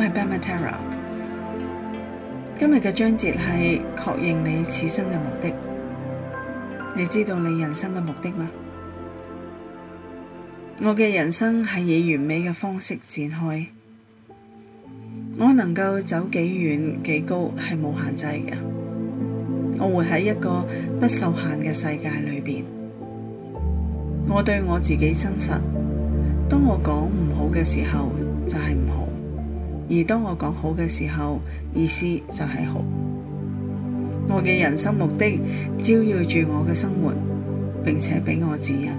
都係 Padma Tara。今日嘅章節係確認你此生嘅目的。你知道你人生嘅目的嗎？我嘅人生係以完美嘅方式展開。我能夠走幾遠幾高係冇限制嘅。我活喺一個不受限嘅世界裏邊。我對我自己真實。當我講唔好嘅時候，就係、是、唔好。而當我講好嘅時候，意思就係好。我嘅人生目的，照耀住我嘅生活，並且俾我指引。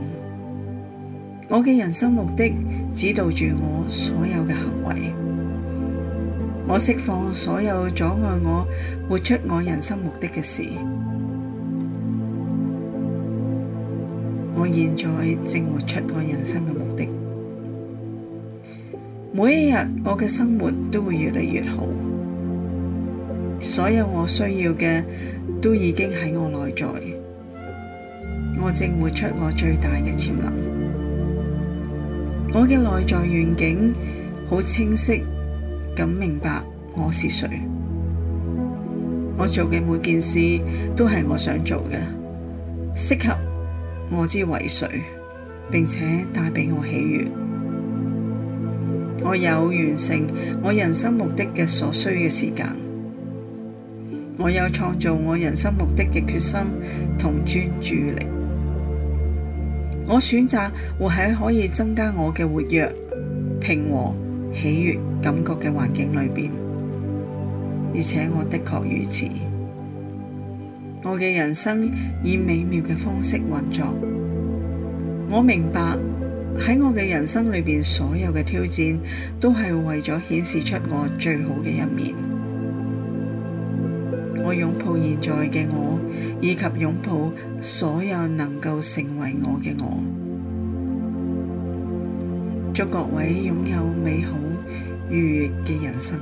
我嘅人生目的，指導住我所有嘅行為。我釋放所有阻礙我活出我人生目的嘅事。我現在正活出我人生嘅目的。每一日，我嘅生活都會越嚟越好。所有我需要嘅都已經喺我內在。我正活出我最大嘅潛能。我嘅內在願景好清晰，咁明白我是誰。我做嘅每件事都係我想做嘅，適合我之為誰，並且帶俾我喜悅。我有完成我人生目的嘅所需嘅時間，我有創造我人生目的嘅決心同專注力，我選擇活喺可以增加我嘅活躍、平和、喜悅感覺嘅環境裏面，而且我的確如此，我嘅人生以美妙嘅方式運作，我明白。喺我嘅人生裏面，所有嘅挑戰都係為咗顯示出我最好嘅一面。我擁抱現在嘅我，以及擁抱所有能夠成為我嘅我。祝各位擁有美好愉悅嘅人生。